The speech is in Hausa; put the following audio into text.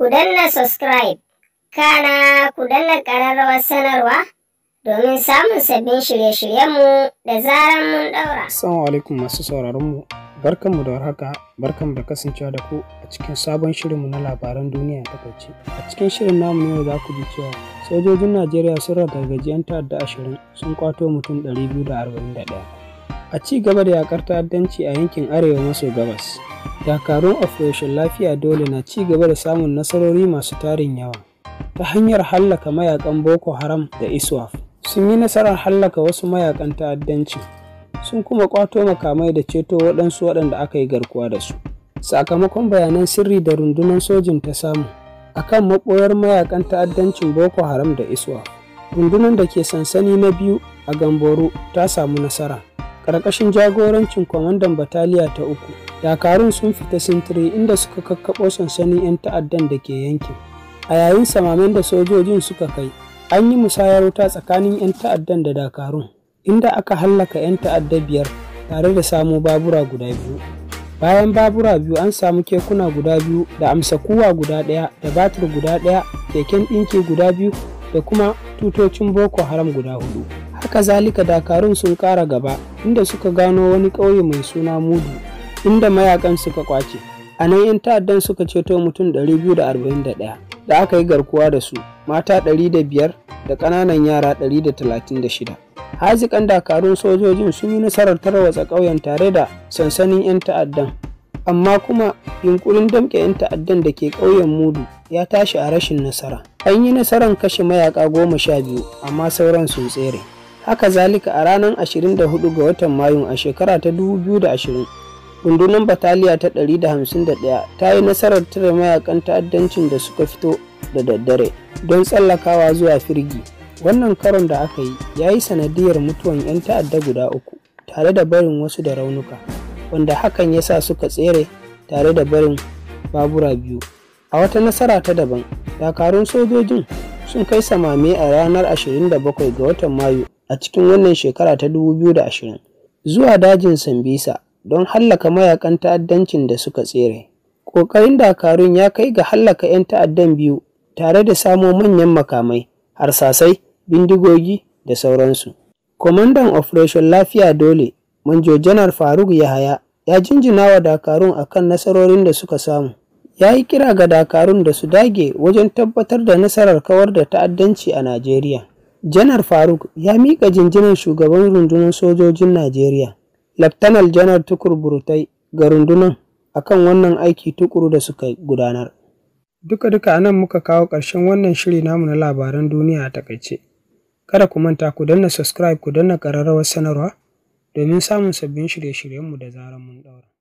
ku danna subscribe kana ku danna ƙararrawar sanarwa domin samun sabbin shirye-shiryenmu da zarar mun ɗaura. Assalamu alaikum masu sauraronmu, barkanmu da warhaka, barkanmu da kasancewa da ku a cikin sabon shirinmu na labaran duniya ta kace. A cikin shirin namu ne za ku ji cewa sojojin Najeriya sun ragargaji 'yan ta'adda ashirin sun kwato mutum ɗari ɗaya. A ci gaba da yakar ta'addanci a yankin arewa maso gabas, dakarun operation lafiya dole na ci gaba da samun nasarori masu tarin yawa ta hanyar hallaka mayakan boko haram da iswaf sun yi nasarar hallaka wasu mayakan ta'addanci sun kuma kwato makamai da ceto waɗansu waɗanda aka yi garkuwa da su sakamakon bayanan sirri da rundunar sojin ta samu akan maɓoyar mayakan ta'addancin boko haram da iswaf rundunar da ke sansani na biyu a gamboru ta samu nasara ƙarƙashin jagorancin kwamandan bataliya ta uku dakarun sun fita sintiri inda suka kakkaɓo sansanin 'yan ta'addan da ke yankin a yayin samamen da sojojin suka kai an yi musayar wuta tsakanin 'yan ta'addan da dakarun inda aka hallaka 'yan ta'adda biyar tare da samo babura guda biyu bayan babura biyu an samu kekuna guda biyu da amsa kuwa guda ɗaya da batir guda ɗaya keken ɗinki guda biyu da kuma tutocin boko haram guda hudu haka zalika dakarun sun ƙara gaba inda suka gano wani ƙauye mai suna mudu inda mayakan suka kwace a nan 'yan ta'addan suka ceto mutum 241 da aka yi garkuwa da su mata ɗari da ƙananan yara 136 hazikan dakarun sojojin sun yi nasarar tarwatsa ƙauyen tare da sansanin 'yan ta'addan amma kuma yunkurin damƙe 'yan ta'addan da ke ƙauyen mudu ya tashi a rashin nasara an yi nasarar kashe mayaka goma sha biyu amma sauran sun tsere haka zalika a ranar 24 ga watan mayu a shekara ta 2020 rundunar bataliya ta 151 ta yi nasarar tare mayakan ta'addancin da suka fito da daddare don tsallakawa zuwa firgi wannan karon da aka yi ya yi sanadiyar mutuwan 'yan ta'adda guda uku tare da barin wasu da raunuka wanda hakan ya sa suka tsere tare da barin babura biyu a wata nasara ta daban dakarun sojojin sun kai samame a ranar 27 ga watan mayu a cikin wannan shekara ta 2020 zuwa dajin Sambisa don hallaka mayakan ta'addancin da suka tsere. Ƙoƙarin dakarun ya kai ga hallaka 'yan ta'addan biyu tare da samo manyan makamai, harsasai, bindigogi da sauransu. Kwamandan Operation Lafiya Dole, Manjo Janar Faruk Yahaya, ya jinjina wa dakarun a kan nasarorin da suka samu. Ya yi kira ga dakarun da su dage wajen tabbatar da nasarar kawar da ta'addanci a Najeriya. janar faruk ya miƙa jinjinan shugaban rundunar sojojin najeriya laftanar janar tukur burtai ga rundunar akan wannan aiki tukuru da suka gudanar duka-duka nan muka kawo ƙarshen wannan shiri namu na labaran duniya a takaice kada ku manta ku danna subscribe ku danna ƙararrawar sanarwa domin samun sabbin shirye-shiryenmu da zarar mun ɗaura